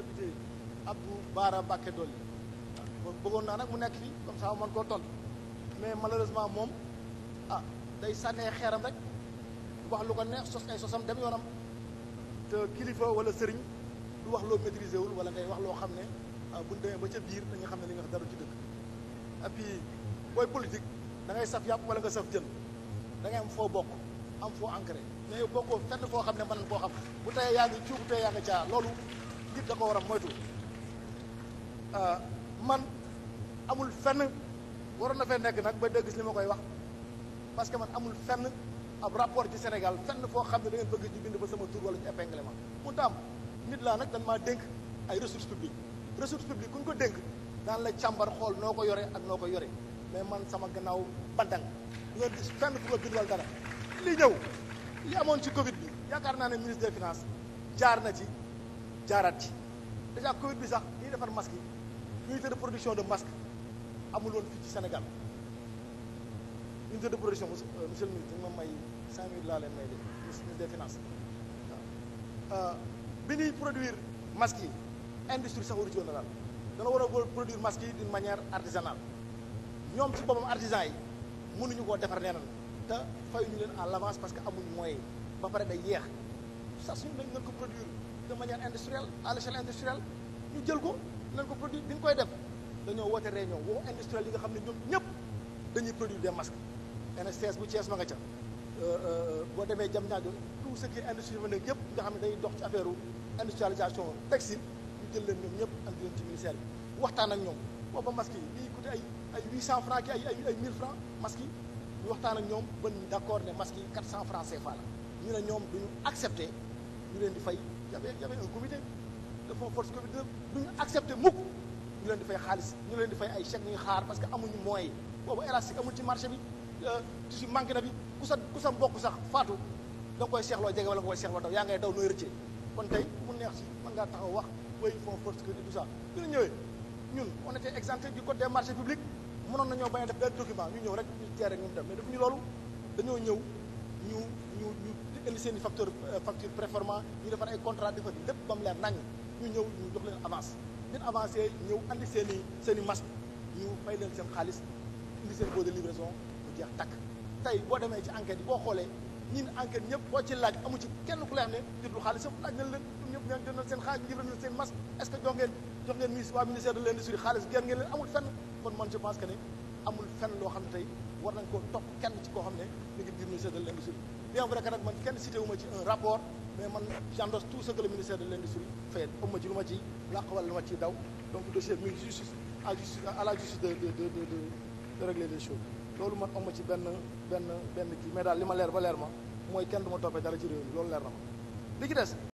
député Abdou Bara Mbacké Dolly moom bëggoon naa nag mu nekk fii comme ça man koo tontu mais malheureusement moom ah day sànnee xeeram rek wax lu ko neex sos ay sosam dem yoonam te kilifa wala sëriñ du wax loo maîtriser wul wala ngay wax loo xam ne ah, buñ demee ba ca biir dañu xam ne li nga dara ci dëkk et puis booy politique da saf yàpp wala nga saf jën da am foo bokk am foo ancré mais koo fenn foo xam ne man koo xam bu tey yaa ngi ci bu tey yaa nit da war a moytu ah, man amul fenn waroon na fee nekk nag ba dégg gis ma koy wax parce que man amul fenn ab rapport ci Sénégal fenn foo xam ne da bëgg ñu bind ba sama tur wala ñu épinglé ma mun ta am nit laa nag dañ maa dénk ay ressources publiques ressources publiques ku ñu ko dénk daan la càmbar xool noo ko yore ak noo ko yore mais man sama gannaaw bandang du ngeen gis fenn fu ko bind wala dara li ñëw li amoon ci Covid bi yaakaar naa ne ministre des jaar na ci jaaraat ci déjà Covid bi sax ñuy defar masque yi unité de production de masque amul woon ci Sénégal unité de production monsieur euh, le ministre moom may cinq mille laa leen may de ministre des finances euh, bi ñuy produire masque yi industrie sax waru a woon na dana war a produire masque yi d'une manière artisanale ñoom ci boppam artisan yi mënuñu koo defar nee na te fay ñu leen à l'avance parce que amuñu mooy ba pare day yeex sax suñu dañ nañ ko produire de manière industrielle à l'échelle industrielle ñu jël ko nañ ko produit bi ñu koy def dañoo woote réunion woo industriel yi nga xam ne ñoom ñëpp dañuy produire des masques NSTS bu Thiès ma nga ca euh, euh, boo demee jam tout ce qui industrie yëpp nga xam ne day dox ci affaire industrialisation textile ñu jël leen ñoom ñëpp andi leen ci ministère bi waxtaan ak ñoom booba masque yi bii coûté ay ay 800 francs ki ay ay ay 1000 francs masque yi ñu waxtaan ak ñoom ba ñu d'accord ne masque yi 400 francs CFA la ñu ne ñoom duñu accepté ñu leen di fay y avait y avait un comité de fonds force covid du ñu accepté mukk ñu leen di xaalis ñu leen di ay chèques ñuy xaar parce que amuñu mooy boobu élastique amul ci marché bi tissu euh, manqué na bi ku sa ku sa mbokk sax faatu da nga koy seexloo jege wala nga koy seexloo daw yaa ngay daw nooy rëccee kon tey mu neex si mën ngaa taxaw wax way fonds force covid tout ça ñu ñëwee ñun on était exempté du code des marchés publics mënoon nañoo bañ a def document ñu ñëw rek ñu teere ñoom dem mais defuñu dañoo ñëw ñu ñu seeni facteur euh, facture performant ñu defar ay contrat defar lépp ba mu leer nañ ñu ñëw ñu jox leen avance ñun avancé ñëw andi seen i seen i masque ñu fay leen seen xaalis indi seen boo de livraison mu jeex takk tey boo demee ci enquête yi boo xoolee ñun enquête ñëpp boo ci laaj amu ci kenn ku lay xam ne jublu xaalis yëpp laaj nañ leen ñëpp ngeen jëndal seen xaalis ñu jëndal seen masque est ce que jox ngeen jox ngeen ministre de l' industrie xaalis génn ngeen loo xam ne tey war nañ koo topp kenn koo xam ne ñu ngi de l' industrie bien vrai que nag man kenn cité ma ci un rapport mais man j'endosse tout ce que ministère de l'industrie fait am ma ci lu ma ci làq wala lu ma ciy daw donc dossier mi ngi justice à justice à la de de de de de régler les choses loolu man am ma ci benn benn benn kii mais daal li ma leer ba leer ma mooy kenn du ma toppee dara ci réew loolu leer na ma li ci des